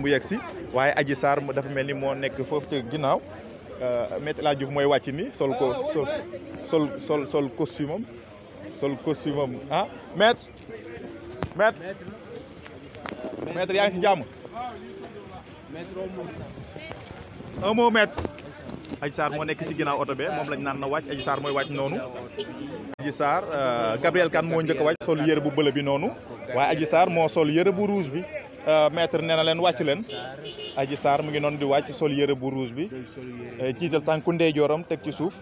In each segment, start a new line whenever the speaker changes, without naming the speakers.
mu yegg si waaye Adji saar mu dafa mel ni moo nekk foofu ci ginnaaw euh, Maître El Hadji mooy wàcc ni sol ko sol sol sol sol costume sol costume am ah maître maître maître si jàmm un moo nekk ci ginnaaw oto be moom lañ naan na wàcc Adji Sarr mooy wàcc noonu Adji Sarr euh, Gabriel Kane moo njëkk wàcc sol yére bu bëla bi noonu waaye Adji Sarr moo sol yére bu rouge bi Euh, maître nee na leen wàcc leen aji saar mu ngi noonu di wàcc sol yëre bu rouge bi euh, jiital tànku ndeyjooram teg ci suuf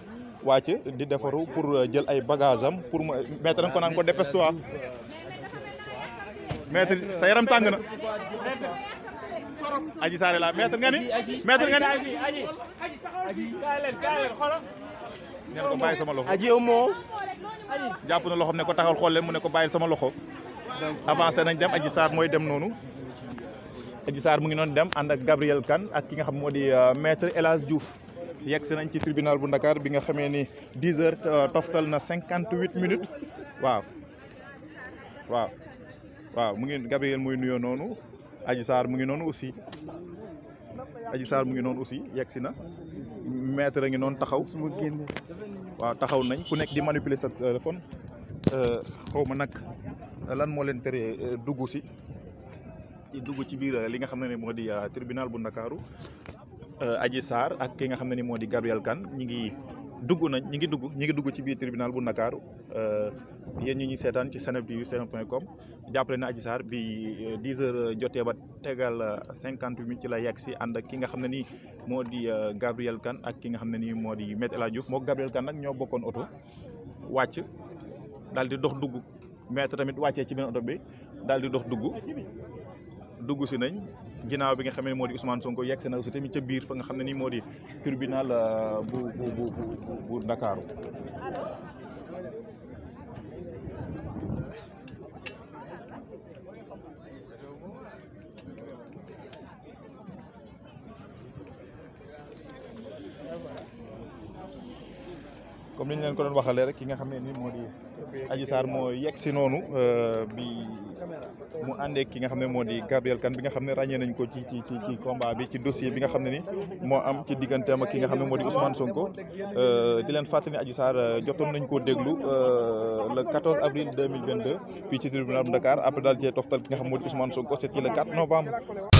wàcc di defaru pour euh, jël ay bagage am pour mu maître da nga ko naan ko dépêche-toi tàng na Adji Sarr la maître nga ni maître nga ni nee na ko bàyyi sama loxo Adji moo jàpp na loxoom ne ko taxal xool leen mu ne ko bàyyil sama loxo avancé nañ dem aji saar mooy dem noonu Adji Sarr mu ngi noonu dem ànd ak Gabriel kan ak ki nga xam moo di euh, maître El Hadj Diouf yegg si nañ ci tribunal bu Ndakaar bi nga xamee ni dix heures euh, toftal na cinquante huit minutes waaw waaw mu ngi Gabriel muy nuyoo noonu Adji saar mu ngi noonu aussi Adji Sarr mu ngi noonu aussi yegg si na maître ngi noonu taxaw waaw taxaw nañ ku nekk di manipuler sa téléphone euh, xaw ma nag lan moo leen tere dugg si dugg ci biir li nga xam ne moo di euh, tribunal bu Ndakaaru euh, aji Sarr ak ki nga xam ne ni moo di Gabrielle kan ñi ngi dugg nañ ñi ngi dugg ñi ngi dugg ci biir tribunal bu Ndakaaru euh, yéen ñu ñuy seetaan ci seneweb tv seneweb point jàppale na Adji saar bi dix heures jotee ba tegal cinquante huit ci la yegg si ànd ak ki nga xam ne nii moo di Gabrielle Kane ak ki nga xam ne nii moo di Maître El Hadji Diouf moo Gabrielle Kane nag ñoo bokkoon oto wàcc daal di dox dugg Maître tamit wàccee ci benn bi daal di dox dugg dugg si nañ ginnaaw bi nga xam ne moo di Ousmane Sonko yegg si na aussi tamit ca biir fa nga xam ne moo di tribunal euh, bu bu bu bu Ndakaaru comme ni ñu leen ko doon waxalee rek ki nga xam ne nii moo di Adji saar moo yegg si noonu euh, bi mu àndee ki nga xam ne moo di Gabriel Kane bi nga xam ne ràññee nañ ko ci ci ci combat bi ci dossier bi nga xam ne ni moo am ci digganteem ak ki nga xam ne moo di Ousmane Sonko euh, di leen fàttali ne Adji Sarr euh, jotoon nañ koo déglu le 14 avril 2022 fii ci tribunal bu Dakar après daal cee toftal ki nga xam moo di Sonko c'est le 4 novembre.